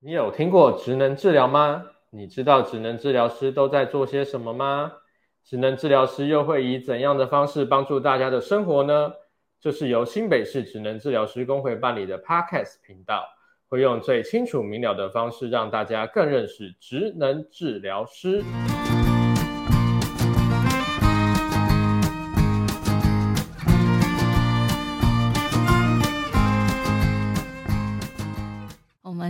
你有聽過職能治療嗎？你知道職能治療師都在做些什麼嗎？職能治療師又會以怎樣的方式幫助大家的生活呢？這，就是由新北市職能治療師公會辦理的 Podcast 頻道，會用最清楚明了的方式讓大家更認識職能治療師。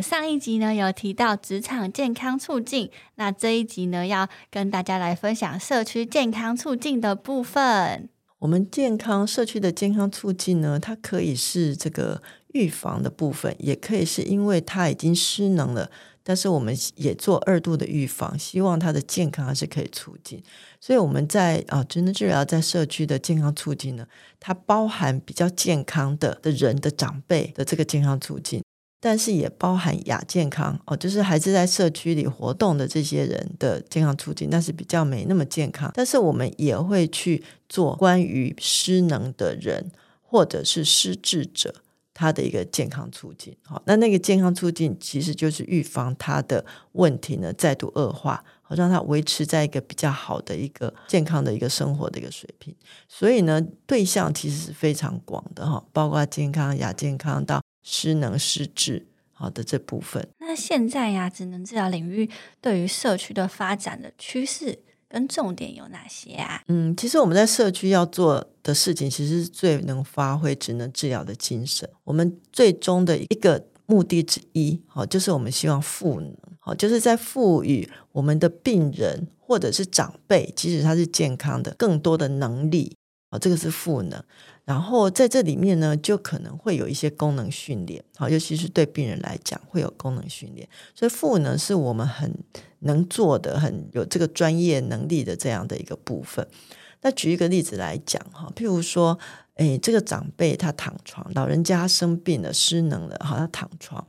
上一集呢，有提到職場健康促進，那這一集呢要跟大家來分享社區健康促進的部分。我們健康社區的健康促進呢，它可以是這個預防的部分，也可以是因為它已經失能了，但是我們也做二度的預防，希望它的健康還是可以促進。所以我們在啊，職能治療在社區的健康促進呢，它包含比較健康的的人的長輩的這個健康促進。但是也包含亞健康哦，就是還是在社區裡活動的這些人的健康促進，但是比較沒那麼健康。但是我們也會去做關於失能的人或者是失智者他的一個健康促進。好，那那個健康促進其實就是預防他的問題呢再度惡化，好讓他維持在一個比較好的一個健康的一個生活的一個水平。所以呢，對象其實是非常廣的哈，包括健康、亞健康到。失能失智，好的這部分。那現在呀，職能治療領域對於社區的發展的趨勢跟重點有哪些啊？嗯，其實我們在社區要做的事情，其實是最能發揮職能治療的精神。我們最終的一個目的之一，好，就是我們希望賦能，好，就是在賦予我們的病人或者是長輩，即使他是健康的，更多的能力，好，這個是賦能。然後在這裡面呢，就可能會有一些功能訓練，好，尤其是對病人來講會有功能訓練，所以復能是我們很能做的，很有這個專業能力的這樣的一個部分。那舉一個例子來講哈，譬如說。哎，這個長輩他躺床，老人家生病了，失能了，哈，他躺床。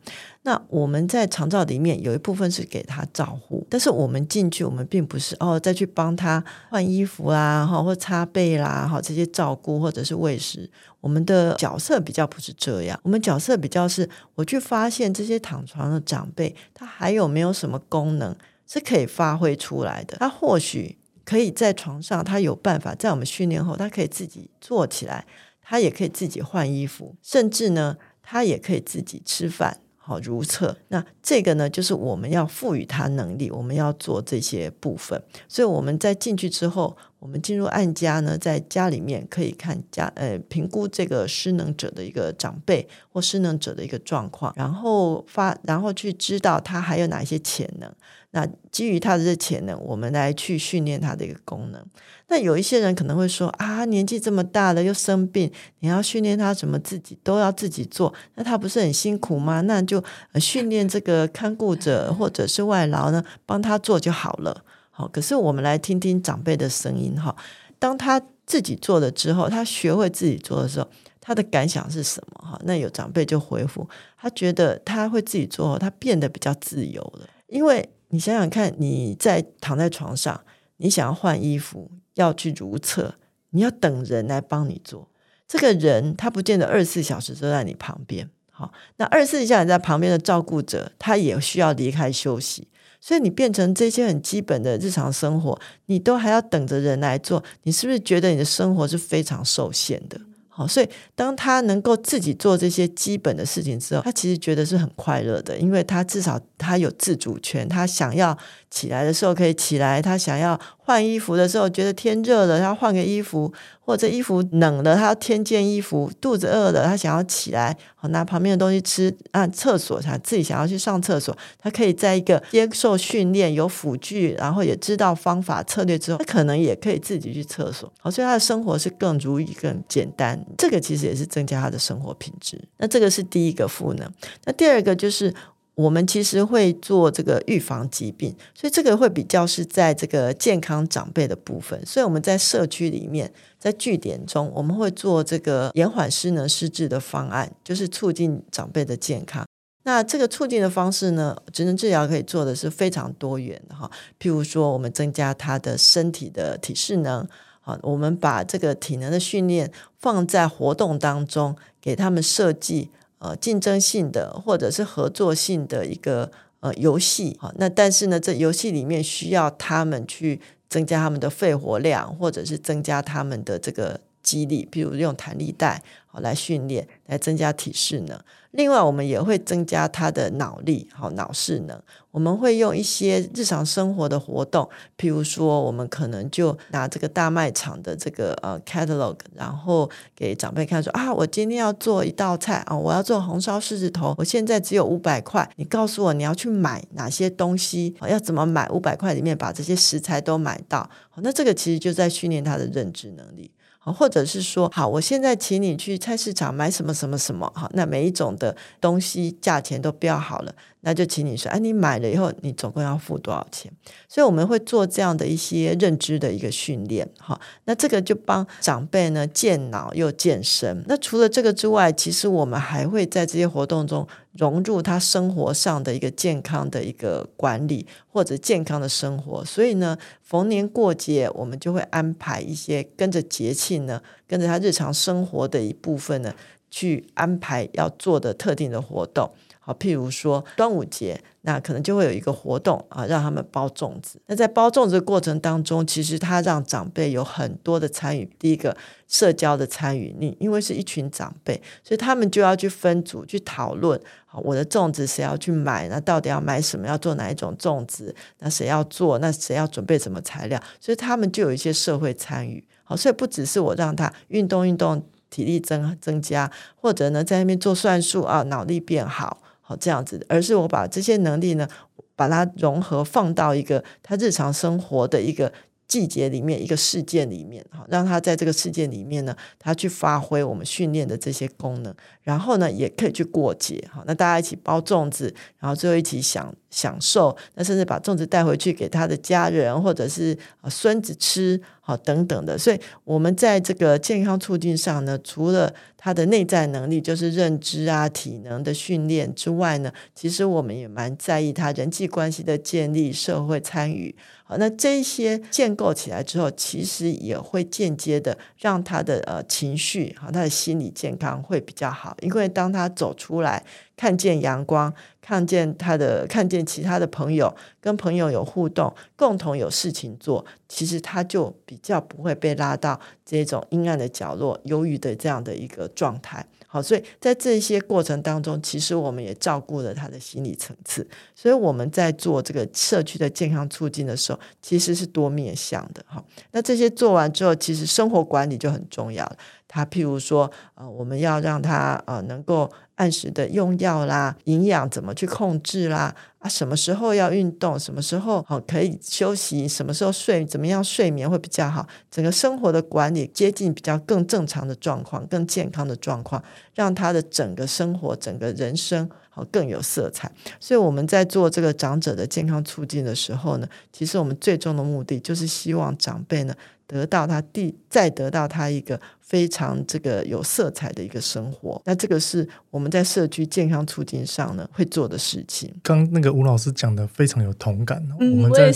那我們在長照裡面有一部分是給他照護，但是我們進去，我們並不是哦再去幫他換衣服啦，啊，或擦背啦，哈，這些照顧或者是餵食，我們的角色比較不是這樣，我們角色比較是我去發現這些躺床的長輩，他還有沒有什麼功能是可以發揮出來的，他或許。可以在床上，他有辦法。在我們訓練後，他可以自己坐起來，他也可以自己換衣服，甚至呢，他也可以自己吃飯、好如廁。那這個呢，就是我們要賦予他能力，我們要做這些部分。所以我們在進去之後。我們進入案家呢，在家裡面可以看家呃評估這個失能者的一個長輩或失能者的一個狀況，然後發然後去知道他還有哪一些潛能。那基於他的這潛能，我們來去訓練他的一個功能。那有一些人可能會說啊，年紀這麼大了又生病，你要訓練他什麼自己都要自己做，那他不是很辛苦嗎？那就訓練這個看顧者或者是外勞呢，幫他做就好了。可是我們來聽聽長輩的聲音哈。當他自己做了之後，他學會自己做的時候，他的感想是什麼哈？那有長輩就回復，他覺得他會自己做，他變得比較自由了。因為你想想看，你在躺在床上，你想要換衣服，要去如廁，你要等人來幫你做，這個人他不見得二十四小時都在你旁邊。好，那二十四小時你在旁邊的照顧者，他也需要離開休息，所以你變成這些很基本的日常生活，你都還要等着人來做，你是不是覺得你的生活是非常受限的？好，所以當他能夠自己做這些基本的事情之後，他其實覺得是很快樂的，因為他至少他有自主權，他想要起來的時候可以起來，他想要。換衣服的時候，覺得天熱了，他換個衣服；或者衣服冷了，他要添件衣服。肚子餓了，他想要起來，好，拿旁邊的東西吃。啊，廁所，他自己想要去上廁所，他可以在一個接受訓練、有輔具，然後也知道方法策略之後，他可能也可以自己去廁所。好、哦，所以他的生活是更如意、更簡單。這個其實也是增加他的生活品質。那這個是第一個賦能。那第二個就是。我們其實會做這個預防疾病，所以這個會比較是在這個健康長輩的部分。所以我們在社區裡面，在據點中，我們會做這個延緩失能失智的方案，就是促進長輩的健康。那這個促進的方式呢，職能治療可以做的是非常多元的哈。譬如說，我們增加他的身體的體適能啊，我們把這個體能的訓練放在活動當中，給他們設計。呃，競爭性的或者是合作性的一個呃遊戲、哦、那但是呢，這遊戲裡面需要他們去增加他們的肺活量，或者是增加他們的這個肌力。比如用彈力帶啊、哦、來訓練，來增加體適能。另外，我們也會增加他的腦力，好，腦勢能。我們會用一些日常生活的活動，譬如說，我們可能就拿這個大賣場的這個呃 catalog，然後給長輩看說，說啊，我今天要做一道菜啊，我要做紅燒獅子頭，我現在只有五百塊，你告訴我你要去買哪些東西，要怎麼買五百塊裡面把這些食材都買到。那這個其實就在訓練他的認知能力。或者是說，好，我現在請你去菜市場買什麼什麼什麼，好，那每一種的東西價錢都標好了，那就請你說，哎、啊，你買了以後，你總共要付多少錢？所以我們會做這樣的一些認知的一個訓練，哈，那這個就幫長輩呢健腦又健身。那除了這個之外，其實我們還會在這些活動中。融入他生活上的一個健康的一個管理，或者健康的生活，所以呢，逢年過節我們就會安排一些跟着節慶呢，跟着他日常生活的一部分呢，去安排要做的特定的活動。啊，譬如說端午節，那可能就會有一個活動啊，讓他們包粽子。那在包粽子的過程當中，其實他讓長輩有很多的參與。第一個，社交的參與，你因為是一群長輩，所以他們就要去分組去討論好，啊，我的粽子誰要去買？那到底要買什麼？要做哪一種粽子？那誰要做？那誰要準備什麼材料？所以他們就有一些社會參與。好，啊，所以不只是我讓他運動運動，體力增增加，或者呢在那邊做算術啊，腦力變好。哦，這樣子，而是我把這些能力呢，把它融合放到一個他日常生活的一個季節裡面，一個事件裡面，好，讓他在這個事件裡面呢，他去發揮我們訓練的這些功能，然後呢，也可以去過節，好，那大家一起包粽子，然後最後一起想。享受，那甚至把粽子帶回去給他的家人或者是孫子吃，好等等的。所以，我們在這個健康促進上呢，除了他的內在能力，就是認知啊、體能的訓練之外呢，其實我們也蠻在意他人際關係的建立、社會參與。好，那這一些建構起來之後，其實也會間接的讓他的呃情緒好，他的心理健康會比較好。因為當他走出來。看見陽光，看見他的，看見其他的朋友，跟朋友有互動，共同有事情做，其實他就比較不會被拉到這種陰暗的角落、憂鬱的這樣的一個狀態。好，所以在這些過程當中，其實我們也照顧了他的心理層次。所以我們在做這個社區的健康促進的時候，其實是多面向的。好，那這些做完之後，其實生活管理就很重要了。他譬如說，呃，我們要讓他，呃，能夠。按時的用藥啦，營養怎麼去控制啦？啊，什麼時候要運動，什麼時候好可以休息，什麼時候睡，怎麼樣睡眠會比較好？整個生活的管理接近比較更正常的狀況，更健康的狀況，讓他的整個生活、整個人生好更有色彩。所以我們在做這個長者的健康促進的時候呢，其實我們最終的目的就是希望長輩呢，得到他第，再得到他一個非常這個有色彩的一個生活。那這個是我們在社區健康促進上呢，會做的事情。剛那個吳老師講的非常有同感哦。嗯、我，我們在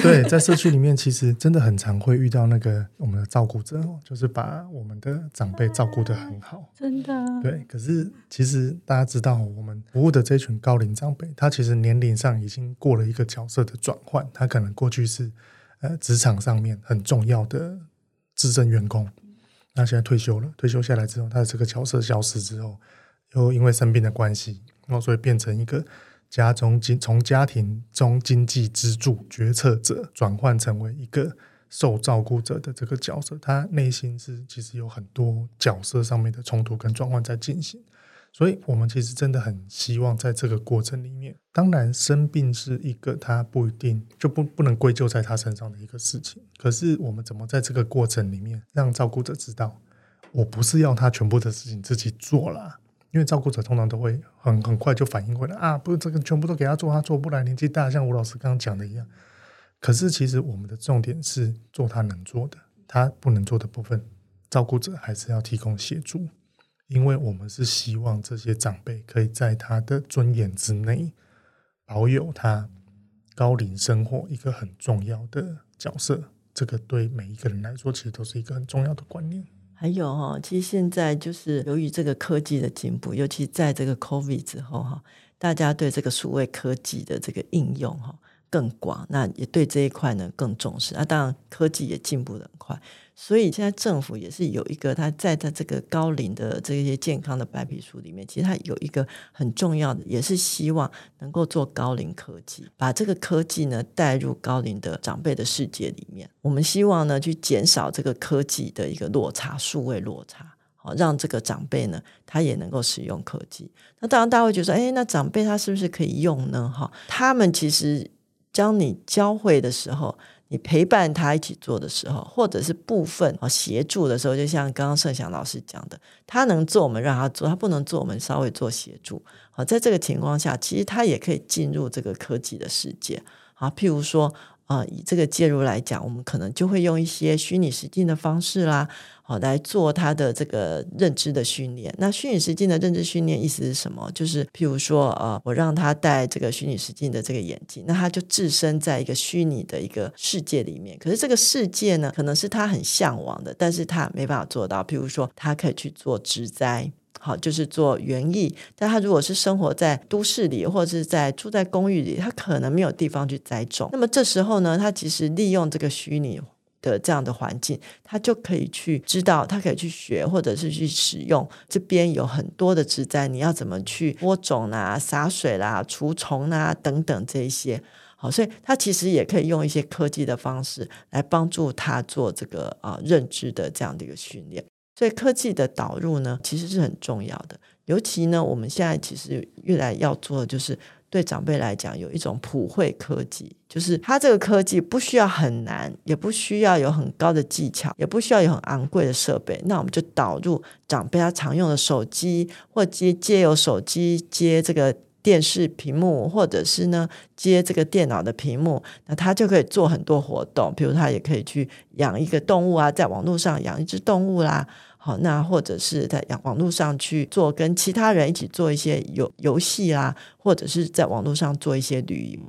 對，在社區裡面其實真的很常會遇到那個我們的照顧者， 就是把我們的長輩照顧得很好，哎、真的。對，可是其實大家知道，我們服務的這群高齡長輩，他其實年齡上已經過了一個角色的轉換，他可能過去是。呃，職場上面很重要的資深員工，那現在退休了，退休下來之後，他的這個角色消失之後，又因為生病的關係，然後所以變成一個家中經，從家庭中經濟支柱決策者轉換成為一個受照顧者的這個角色，他內心是其實有很多角色上面的衝突跟轉換在進行。所以我們其實真的很希望在這個過程裡面，當然生病是一個他不一定就不不能歸咎在他身上的一個事情。可是我們怎麼在這個過程裡面讓照顧者知道，我不是要他全部的事情自己做啦，因為照顧者通常都會很很快就反應過來啊，不是這個全部都給他做，他做不來，年紀大，像吳老師剛剛講的一樣。可是其實我們的重點是做他能做的，他不能做的部分，照顧者還是要提供協助。因為我們是希望這些長輩可以在他的尊嚴之內，保有他高齡生活一個很重要的角色。這個對每一個人來說，其實都是一個很重要的觀念。還有哈，其實現在就是由於這個科技的進步，尤其在這個 COVID 之後哈，大家對這個數位科技的這個應用哈。更廣，那也對這一塊呢更重視那、啊、當然，科技也進步得很快，所以現在政府也是有一個，它在它這個高齡的這些健康的白皮書裡面，其實它有一個很重要的，也是希望能夠做高齡科技，把這個科技呢帶入高齡的長輩的世界裡面。我們希望呢去減少這個科技的一個落差，數位落差，好、哦、讓這個長輩呢他也能夠使用科技。那當然，大家會覺得說，誒，那長輩他是不是可以用呢？哈、哦，他們其實。當你教會的時候，你陪伴他一起做的時候，或者是部分協助的時候，就像剛剛盛祥老師講的，他能做我們讓他做，他不能做我們稍微做協助。好，在這個情況下，其實他也可以進入這個科技的世界。好，譬如說，啊、呃，以這個介入來講，我們可能就會用一些虛擬實境的方式啦。好，來做他的這個認知的訓練。那虛擬實境的認知訓練意思是什麼？就是譬如說，呃，我讓他戴這個虛擬實境的這個眼鏡，那他就置身在一個虛擬的一個世界裡面。可是這個世界呢，可能是他很向往的，但是他沒辦法做到。譬如說，他可以去做植栽，好，就是做園藝。但他如果是生活在都市裡，或者是在住在公寓裡，他可能沒有地方去栽種。那麼這時候呢，他其實利用這個虛擬。的這樣的環境，他就可以去知道，他可以去學，或者是去使用。這邊有很多的植栽，你要怎麼去播種啊？灑水啦、啊、除蟲啊等等這些。好、哦，所以他其實也可以用一些科技的方式來幫助他做這個啊認知的這樣的一個訓練。所以科技的導入呢，其實是很重要的。尤其呢，我們現在其實越來要做的就是對長輩來講有一種普惠科技。就是他這個科技不需要很難，也不需要有很高的技巧，也不需要有很昂貴的設備。那我們就導入長輩他常用的手機，或接借由手機接這個電視屏幕，或者是呢接這個電腦的屏幕，那他就可以做很多活動。比如他也可以去養一個動物啊，在網絡上養一隻動物啦、啊。好，那或者是在網路上去做跟其他人一起做一些遊遊戲啊，或者是在網絡上做一些旅遊。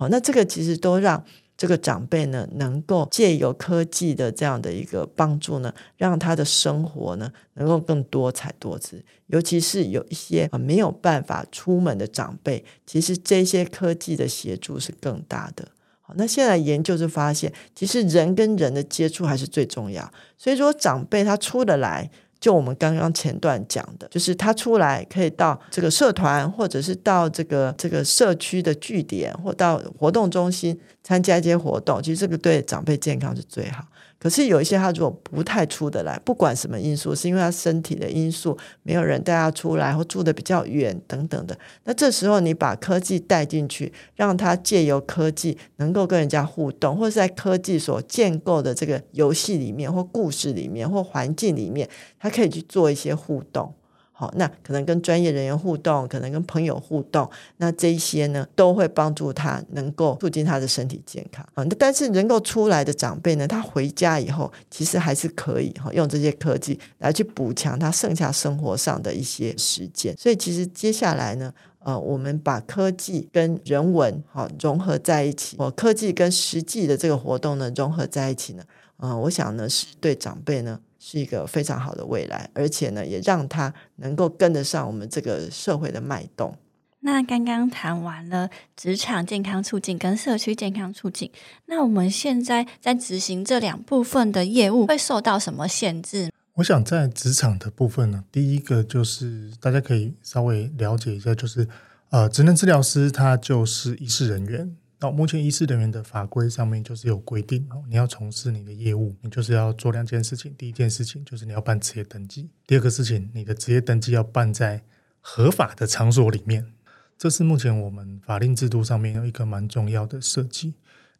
好，那這個其實都讓這個長輩呢，能夠借由科技的這樣的一個幫助呢，讓他的生活呢，能夠更多彩多姿。尤其是有一些沒有辦法出門的長輩，其實這些科技的協助是更大的。好，那現在研究就發現，其實人跟人的接觸還是最重要。所以說，長輩他出得來。就我們剛剛前段講的，就是他出來可以到這個社團，或者是到這個這個社區的據點，或到活動中心參加一些活動，其實這個對長輩健康是最好。可是有一些他如果不太出得來，不管什麼因素，是因為他身體的因素，沒有人帶他出來，或住得比較遠，等等的。那這時候你把科技帶進去，讓他借由科技能夠跟人家互動，或是在科技所建構的這個遊戲裡面，或故事裡面，或環境裡面，他可以去做一些互動。好，那可能跟專業人員互動，可能跟朋友互動，那這一些呢都會幫助他能夠促進他的身體健康。呃，但是能夠出來的長輩呢，他回家以後其實還是可以、呃、用這些科技來去補強他剩下生活上的一些時間。所以其實接下來呢，呃，我們把科技跟人文哈、呃、融合在一起，哦、呃，科技跟實際的這個活動呢融合在一起呢，嗯、呃，我想呢是對長輩呢。是一個非常好的未來，而且呢，也讓他能夠跟得上我們這個社會的脈動。那剛剛談完了職場健康促進跟社區健康促進，那我們現在在執行這兩部分的業務會受到什麼限制？我想在職場的部分呢，第一個就是大家可以稍微了解一下，就是呃，職能治療師他就是醫事人員，哦，目前醫事人員的法規上面就是有規定，你要從事你的業務，你就是要做兩件事情。第一件事情就是你要辦職業登記，第二個事情你的職業登記要辦在合法的場所裡面。這是目前我們法令制度上面有一個蠻重要的設計。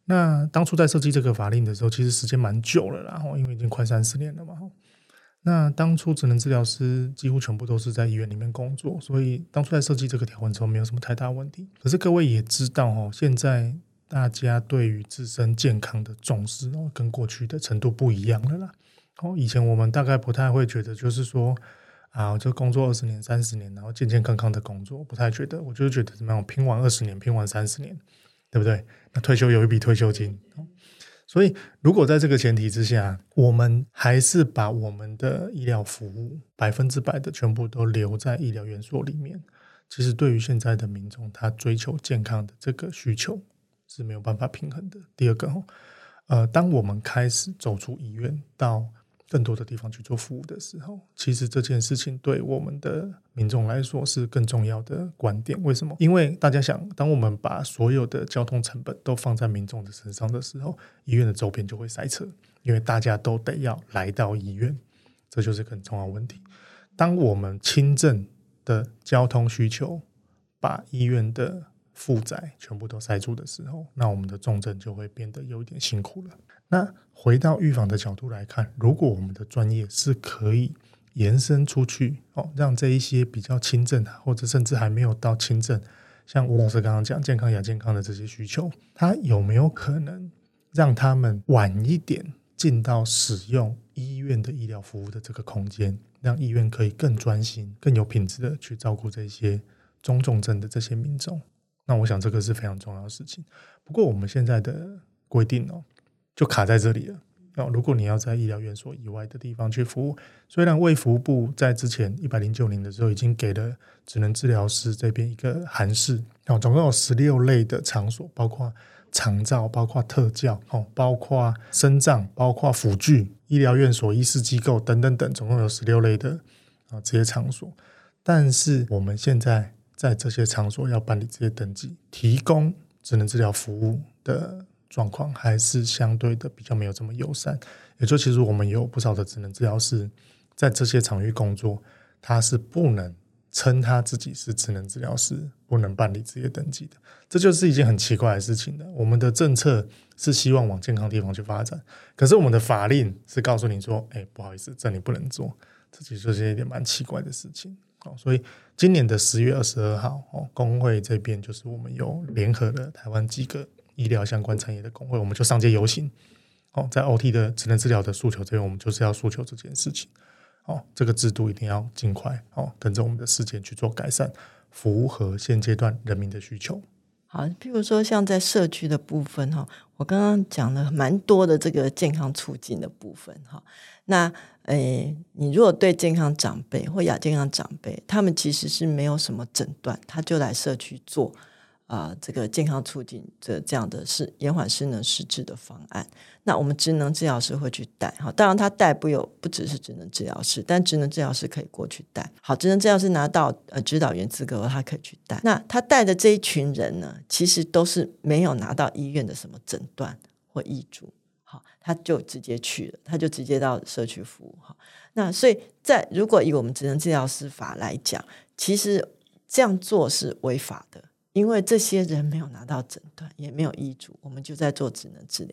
那當初在設計這個法令的時候，其實時間蠻久了，然後因為已經快三十年了嘛。那當初職能治療師幾乎全部都是在醫院裡面工作，所以當初在設計這個條文的時候沒有什麼太大問題。可是各位也知道哦，現在大家對於自身健康的重視哦，跟過去的程度不一樣了啦。哦，以前我們大概不太會覺得，就是說啊，我就工作二十年、三十年，然後健健康康的工作，不太覺得。我就覺得怎麼樣，拼完二十年，拼完三十年，對不對？那退休有一筆退休金。所以，如果在這個前提之下，我們還是把我們的醫療服務百分之百的全部都留在醫療院所裡面，其實對於現在的民眾，他追求健康的這個需求是沒有辦法平衡的。第二個，呃，當我們開始走出醫院到更多的地方去做服務的時候，其實這件事情對我們的民眾來說是更重要的觀點。為什麼？因為大家想，當我們把所有的交通成本都放在民眾的身上的時候，醫院的周邊就會塞車，因為大家都得要來到醫院，這就是個很重要的問題。當我們輕症的交通需求把醫院的負載全部都塞住的時候，那我們的重症就會變得有一點辛苦了。那回到預防的角度來看，如果我們的專業是可以延伸出去哦，讓這一些比較輕症啊，或者甚至還沒有到輕症，像吳老師剛剛講健康亞健康的這些需求，它有沒有可能讓他們晚一點進到使用醫院的醫療服務的這個空間，讓醫院可以更專心、更有品質的去照顧這些中重症的這些民眾？那我想這個是非常重要的事情。不過我們現在的規定哦。就卡在這裡了。那如果你要在醫療院所以外的地方去服務，雖然衛福部在之前一百零九年的時候已經給了職能治療師這邊一個函釋。總共有十六類的場所，包括長照，包括特教，包括身障，包括輔具、醫療院所、醫師機構等等等，總共有十六類的啊這些場所。但是我們現在在這些場所要辦理這些登記，提供職能治療服務的。狀況還是相對的比較沒有這麼友善，也就其實我們有不少的職能治療師在這些場域工作，他是不能稱他自己是職能治療師，不能辦理職業登記的，這就是一件很奇怪的事情的。我們的政策是希望往健康地方去發展，可是我們的法令是告訴你說，哎，不好意思，這裡不能做，這其實是一件蠻奇怪的事情。好，所以今年的十月二十二號，哦，工會這邊就是我們有聯合了台灣幾個。醫療相關產業的工會，我們就上街遊行哦。在 OT 的職能治療的訴求這邊，我們就是要訴求這件事情哦，這個制度一定要盡快哦，跟着我們的時間去做改善，符合現階段人民的需求。好，譬如說像在社區的部分哈，我剛剛講了蠻多的這個健康促進的部分哈，那呃，你如果對健康長輩或亞健康長輩，他們其實是沒有什麼診斷，他就來社區做。啊、呃，這個健康促進這這樣的是延緩失能失智的方案，那我們職能治療師會去帶哈。當然，他帶不有不只是職能治療師，但職能治療師可以過去帶。好，職能治療師拿到呃指導員資格，他可以去帶。那他帶的這一群人呢，其實都是沒有拿到醫院的什麼診斷或醫囑，好、哦，他就直接去了，他就直接到社區服務好、哦，那所以在如果以我們職能治療師法來講，其實這樣做是違法的。因為這些人沒有拿到診斷，也沒有醫囑，我們就在做職能治療。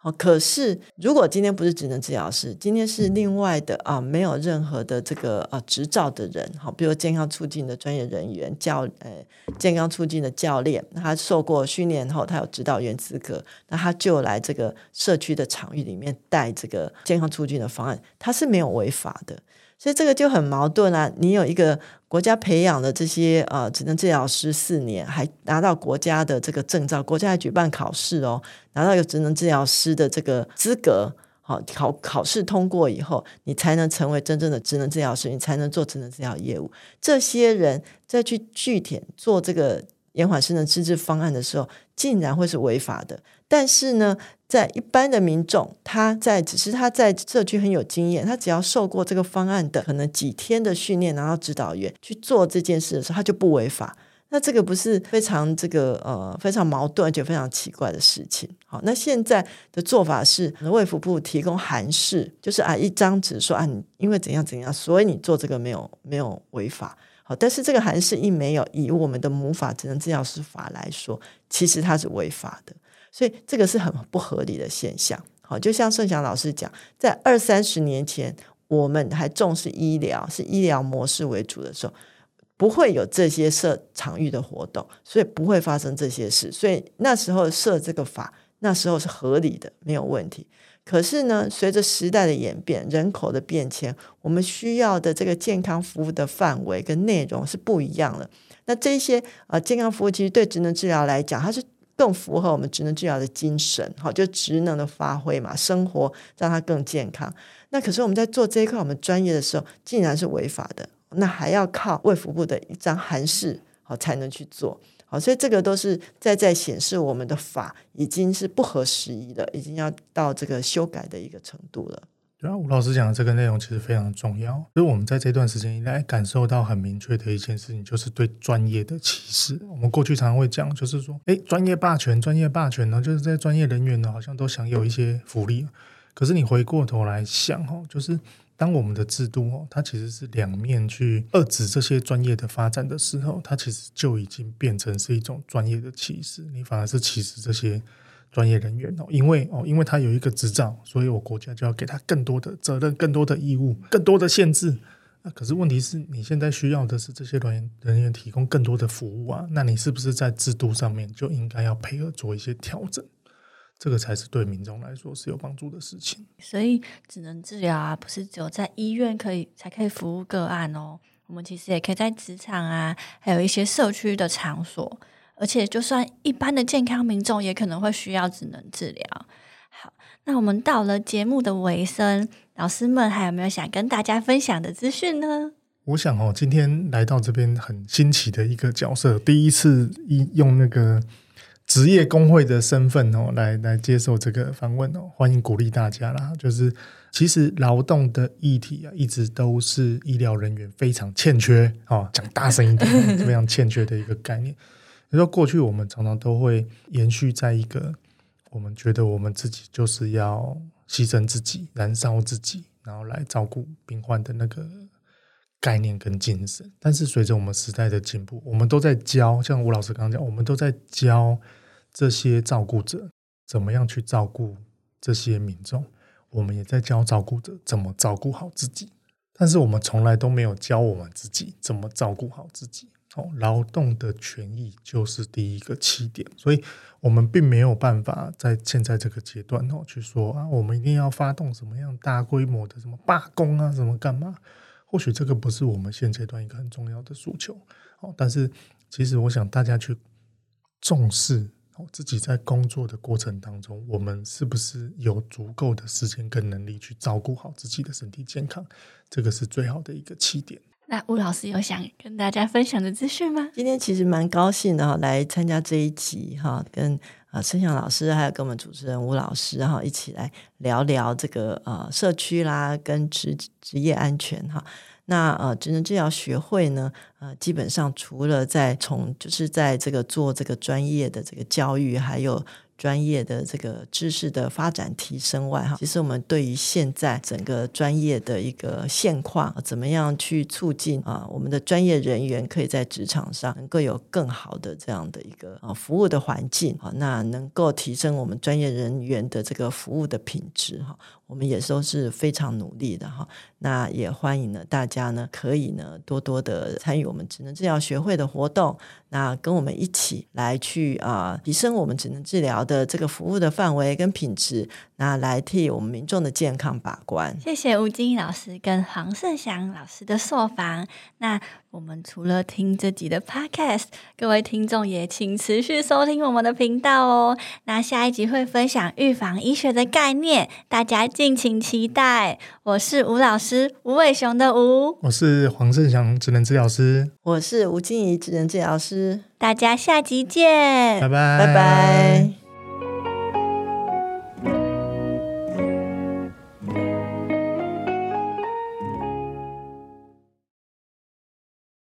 好，可是如果今天不是職能治療師，今天是另外的啊，沒有任何的這個呃、啊、執照的人，好、啊，比如健康促進的專業人員教呃、哎、健康促進的教練，他受過訓練後，他有指導員資格，那他就來這個社區的場域裡面帶這個健康促進的方案，他是沒有違法的。所以這個就很矛盾啊，你有一個國家培養的這些呃，職能治療師四年，還拿到國家的這個證照，國家還舉辦考試哦，拿到一個職能治療師的這個資格，好、啊、考考試通過以後，你才能成為真正的職能治療師，你才能做職能治療業務。這些人再去具體做這個。延緩生的資質方案的時候，竟然會是違法的。但是呢，在一般的民眾，他在只是他在社區很有經驗，他只要受過這個方案的可能幾天的訓練，然後指導員去做這件事的時候，他就不違法。那這個不是非常這個呃非常矛盾而且非常奇怪的事情。好，那現在的做法是，衛福部提供函釋，就是啊一張紙說啊，你因為怎樣怎樣，所以你做這個沒有沒有違法。好，但是這個韓式一沒有以我們的母法《職能治療師法》來說，其實它是違法的，所以這個是很不合理的現象。好，就像盛祥老師講，在二三十年前，我們還重視醫療，是醫療模式為主的時候，不會有這些設場域的活動，所以不會發生這些事。所以那時候設這個法。那時候是合理的，沒有問題。可是呢，隨着時代的演變，人口的變遷，我們需要的這個健康服務的範圍跟內容是不一樣的。那這些啊、呃，健康服務其實對職能治療來講，它是更符合我們職能治療的精神，好、哦，就職能的發揮嘛，生活讓它更健康。那可是我們在做這一塊我們專業的時候，竟然是違法的，那還要靠衛福部的一張函釋，好、哦，才能去做。好，所以這個都是在在顯示我們的法已經是不合時宜的，已經要到這個修改的一個程度了。對啊，吳老師講的這個內容其實非常重要。所以我們在這段時間以來感受到很明確的一件事情，就是對專業的歧視。我們過去常常會講，就是說，哎，專業霸權，專業霸權呢，就是在專業人員呢，好像都享有一些福利。嗯。可是你回過頭來想，就是。當我們的制度哦，它其實是兩面去遏制這些專業的發展的時候，它其實就已經變成是一種專業的歧視。你反而是歧視這些專業人員哦，因為哦，因為他有一個執照，所以我國家就要給他更多的責任、更多的義務、更多的限制。啊，可是問題是你現在需要的是這些人員人員提供更多的服務啊，那你是不是在制度上面就應該要配合做一些調整？這個才是對民眾來說是有幫助的事情，所以職能治療啊，不是只有在醫院可以才可以服務個案哦。我們其實也可以在職場啊，還有一些社區的場所，而且就算一般的健康民眾也可能會需要職能治療。好，那我們到了節目的尾聲，老師們還有沒有想跟大家分享的資訊呢？我想哦，今天來到這邊很新奇的一個角色，第一次一用那個。職業工會的身份哦，來來接受這個訪問哦，歡迎鼓勵大家啦。就是其實勞動的議題啊，一直都是醫療人員非常欠缺，哦，講大聲一點， 非常欠缺的一個概念。你說過去我們常常都會延續在一個我們覺得我們自己就是要犧牲自己、燃燒自己，然後來照顧病患的那個概念跟精神。但是隨着我們時代的進步，我們都在教，像吳老師剛剛講，我們都在教。這些照顧者怎麼樣去照顧這些民眾？我們也在教照顧者怎麼照顧好自己，但是我們從來都沒有教我們自己怎麼照顧好自己。哦，勞動的權益就是第一個起點，所以我們並沒有辦法在現在這個階段去說啊，我們一定要發動什麼樣大規模的什麼罷工啊，什麼幹嘛？或許這個不是我們現階段一個很重要的訴求。但是其實我想大家去重視。自己在工作的過程當中，我們是不是有足夠的時間跟能力去照顧好自己的身體健康？這個是最好的一個起點。那吳老師有想跟大家分享的資訊嗎？今天其實蠻高興的哈，來參加這一集哈，跟啊盛祥老師還有跟我們主持人吳老師哈，一起來聊聊這個啊社區啦跟職職業安全哈。那呃，真正要學會呢，呃，基本上除了在從就是在這個做這個專業的這個教育，還有專業的這個知識的發展提升外，哈，其實我們對於現在整個專業的一個現況，怎麼樣去促進啊，我們的專業人員可以在職場上能夠有更好的這樣的一個啊服務的環境啊，那能夠提升我們專業人員的這個服務的品質哈、啊，我們也都是，是非常努力的哈。啊那也歡迎呢，大家呢可以呢多多的參與我們職能治療學會的活動，那跟我們一起來去啊、呃，提升我們職能治療的這個服務的範圍跟品質，那來替我們民眾的健康把關。謝謝吳菁宜老師跟黃盛祥老師的受訪。那。我們除了聽這集的 podcast，各位聽眾也請持續收聽我們的頻道哦。那下一集會分享預防醫學的概念，大家敬請期待。我是吳老師，吳偉雄的吳。我是黃盛祥，職能治療師。我是吳菁宜，職能治療師。大家下集見，拜拜 bye，拜拜。